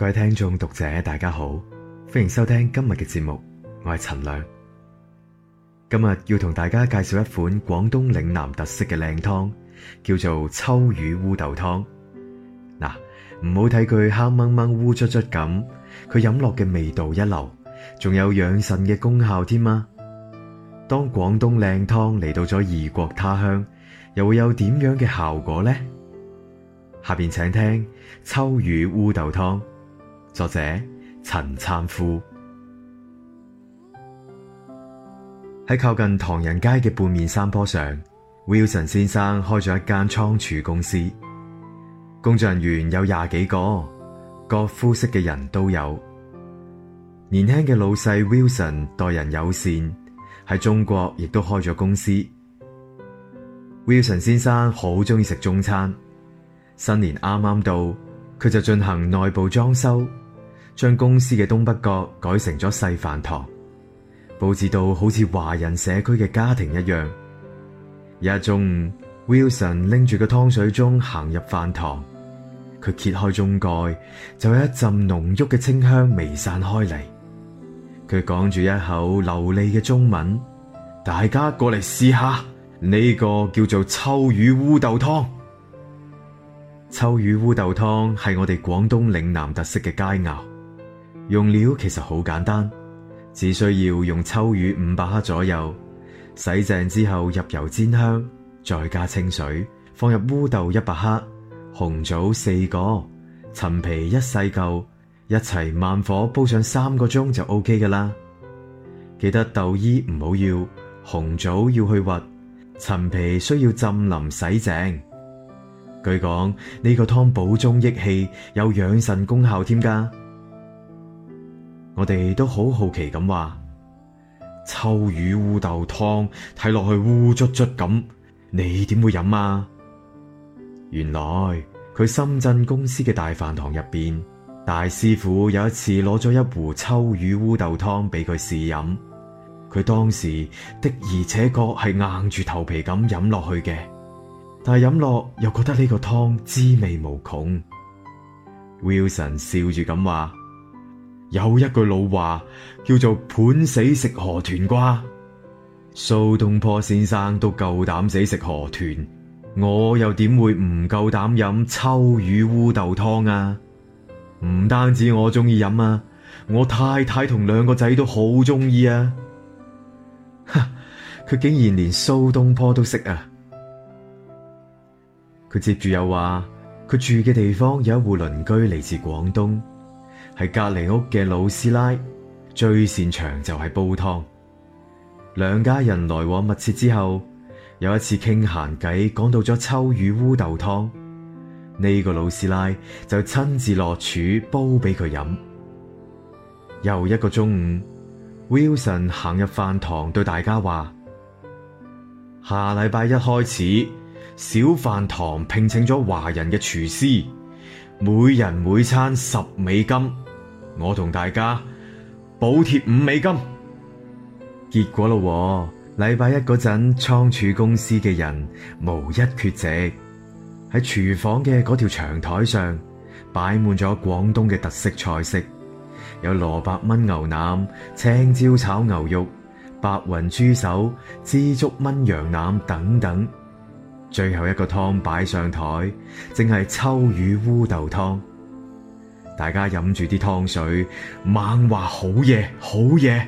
各位聽眾讀者大家好，歡迎收聽今日嘅節目，我係陳亮。今日要同大家介紹一款廣東嶺南特色嘅靚湯，叫做鰍魚烏豆湯。嗱，唔好睇佢黑掹掹、烏卒卒咁，佢飲落嘅味道一流，仲有養腎嘅功效添啊！當廣東靚湯嚟到咗異國他鄉，又會有點樣嘅效果呢？下邊請聽鰍魚烏豆湯。作者陳燦富，喺靠近唐人街嘅半面山坡上，Wilson 先生開咗一間倉儲公司。工作人員有廿幾個，各膚色嘅人都有。年輕嘅老細 Wilson 待人友善，喺中國亦都開咗公司。Wilson 先生好鍾意食中餐，新年啱啱到，佢就進行內部裝修。將公司嘅東北角改成咗細飯堂，布置到好似華人社區嘅家庭一樣。一日中午，Wilson 拎住個湯水盅行入飯堂，佢揭開盅蓋，就有一陣濃郁嘅清香彌散開嚟。佢講住一口流利嘅中文：「大家過嚟試下呢個叫做鰍魚烏豆湯。鰍魚烏豆湯係我哋廣東嶺南特色嘅佳肴。用料其實好簡單，只需要用鰍魚五百克左右，洗淨之後入油煎香，再加清水，放入烏豆一百克、紅棗四個、陳皮一細嚿，一齊慢火煲上三個鐘就 OK 噶啦。記得豆衣唔好要，要，紅棗要去核，陳皮需要浸腍洗淨。據講呢、這個湯補中益氣，有養腎功效添噶。我哋都好好奇咁話，鰍魚烏豆湯睇落去烏卒卒咁，你點會飲啊？原來佢深圳公司嘅大飯堂入邊，大師傅有一次攞咗一壺鰍魚烏豆湯俾佢試飲，佢當時的而且確係硬住頭皮咁飲落去嘅，但係飲落又覺得呢個湯滋味無窮。Wilson 笑住咁話。有一句老話叫做“拼死食河豚”啩，蘇東坡先生都夠膽死食河豚，我又點會唔夠膽飲鰍魚烏豆湯啊？唔單止我中意飲啊，我太太同兩個仔都好中意啊！哈，佢竟然連蘇東坡都識啊！佢接住又話，佢住嘅地方有一戶鄰居嚟自廣東。係隔籬屋嘅老師奶最擅長就係煲湯，兩家人來往密切之後，有一次傾閒偈講到咗鰍魚烏豆湯，呢、這個老師奶就親自落廚煲俾佢飲。又一個中午，Wilson 行入飯堂對大家話：下禮拜一開始，小飯堂聘請咗華人嘅廚師，每人每餐十美金。我同大家補貼五美金，結果咯，禮拜一嗰陣，倉儲公司嘅人無一缺席，喺廚房嘅嗰條長台上擺滿咗廣東嘅特色菜式，有蘿蔔炆牛腩、青椒炒牛肉、白雲豬手、支竹炆羊腩等等，最後一個湯擺上台，正係鰍魚烏豆湯。大家飲住啲湯水，猛話好嘢，好嘢。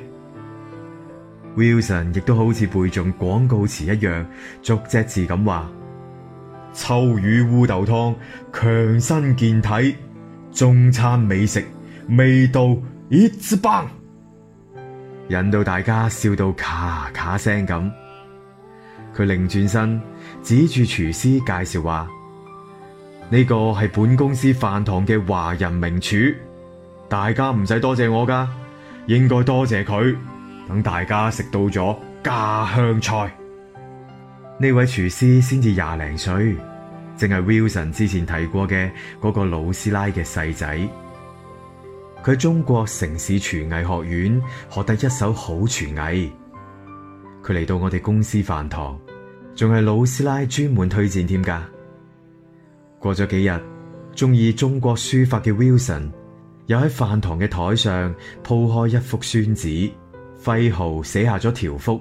Wilson 亦都好似背誦廣告詞一樣，逐隻字咁話：鰍魚烏豆湯，強身健體，中餐美食，味道一熱棒，s 引到大家笑到咔咔聲咁。佢另轉身指住廚師介紹話。呢個係本公司飯堂嘅華人名廚，大家唔使多謝我噶，應該多謝佢。等大家食到咗家鄉菜，呢位廚師先至廿零歲，正係 Wilson 之前提過嘅嗰個老師奶嘅細仔。佢喺中國城市廚藝學院學得一手好廚藝，佢嚟到我哋公司飯堂，仲係老師奶專門推薦添噶。過咗幾日，中意中國書法嘅 Wilson 又喺飯堂嘅台上鋪開一幅宣紙，揮毫寫下咗條幅：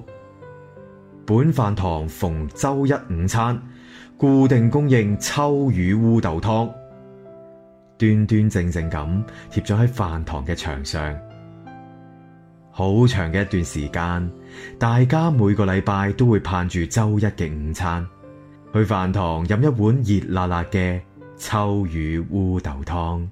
本飯堂逢週一午餐，固定供應鰍魚烏豆湯，端端正正咁貼咗喺飯堂嘅牆上。好長嘅一段時間，大家每個禮拜都會盼住週一嘅午餐，去飯堂飲一碗熱辣辣嘅鰍魚烏豆湯。